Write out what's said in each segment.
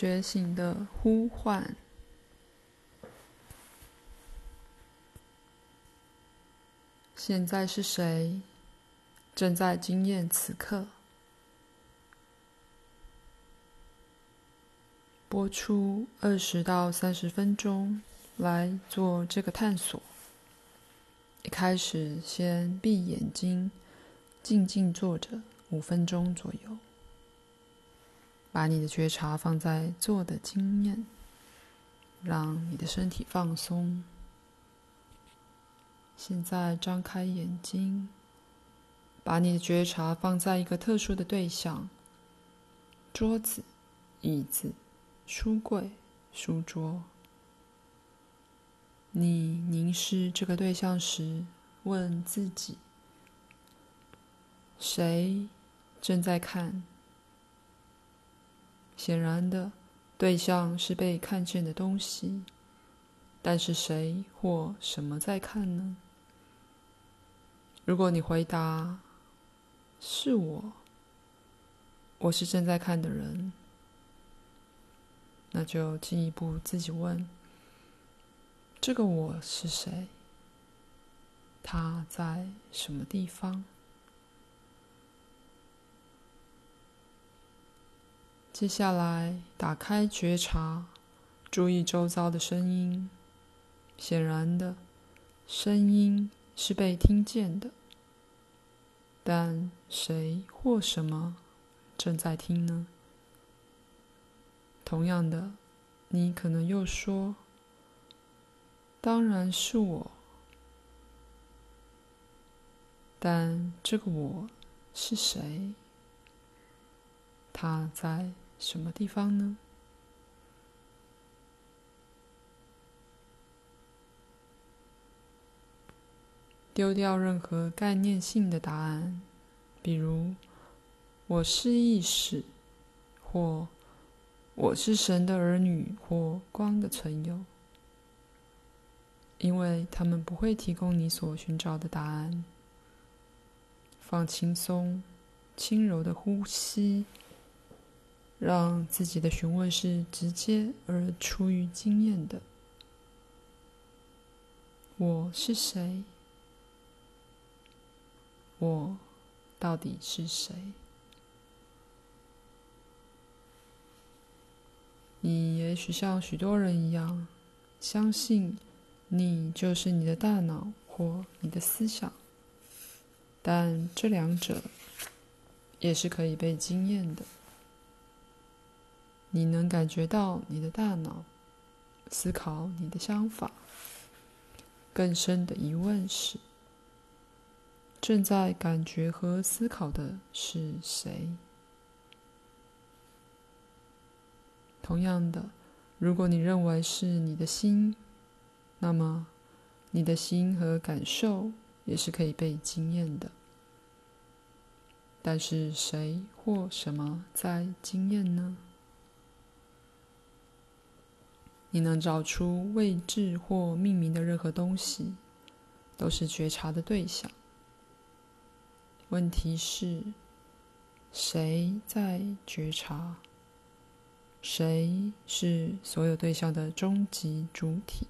覺醒的呼喚。現在是誰正在經驗此刻？播出二十到三十分鐘來做這個探索。一開始先閉眼睛，靜靜坐着五分鐘左右。把你的覺察放在做的經驗，讓你的身體放鬆。現在張開眼睛，把你的覺察放在一個特殊的對象：桌子、椅子、書櫃、書桌。你凝視這個對象時，問自己：誰正在看？顯然的，對象是被看見的東西，但是誰或什麼在看呢？如果你回答“是我”，我是正在看的人，那就進一步自己問：“這個我是誰？他在什麼地方？”接下來，打開覺察，注意周遭的聲音。顯然的，聲音是被聽見的，但誰或什麼正在聽呢？同樣的，你可能又說：“當然是我。”但這個我是誰？他在。什麼地方呢？丟掉任何概念性的答案，比如“我是意識”或“我是神的兒女”或“光的存有”，因為他們不會提供你所尋找的答案。放輕鬆，輕柔的呼吸。讓自己的詢問是直接而出於經驗的。我是誰？我到底是誰？你也許像許多人一樣，相信你就是你的大腦或你的思想，但這兩者也是可以被經驗的。你能感覺到你的大腦思考你的想法。更深的疑問是：正在感覺和思考的是誰？同樣的，如果你認為是你的心，那麼你的心和感受也是可以被經驗的。但是，誰或什麼在經驗呢？你能找出位置或命名的任何東西，都是覺察的對象。問題是，誰在覺察？誰是所有對象的終極主體？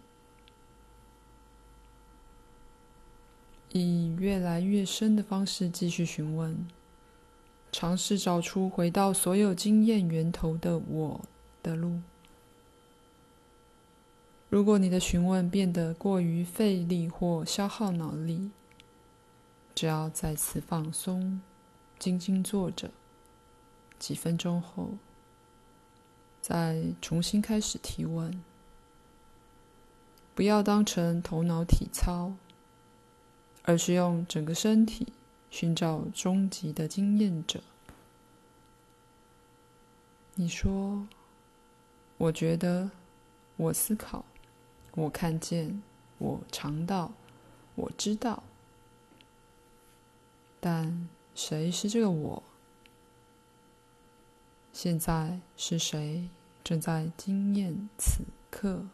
以越來越深的方式繼續詢問，嘗試找出回到所有經驗源頭的“我”的路。如果你的詢問變得過於費力或消耗腦力，只要再次放鬆，靜靜坐着。幾分鐘後，再重新開始提問。不要當成頭腦體操，而是用整個身體尋找終極的經驗者。你說，我覺得，我思考。我看見，我嘗到，我知道。但誰是這個我？現在是誰正在經驗此刻？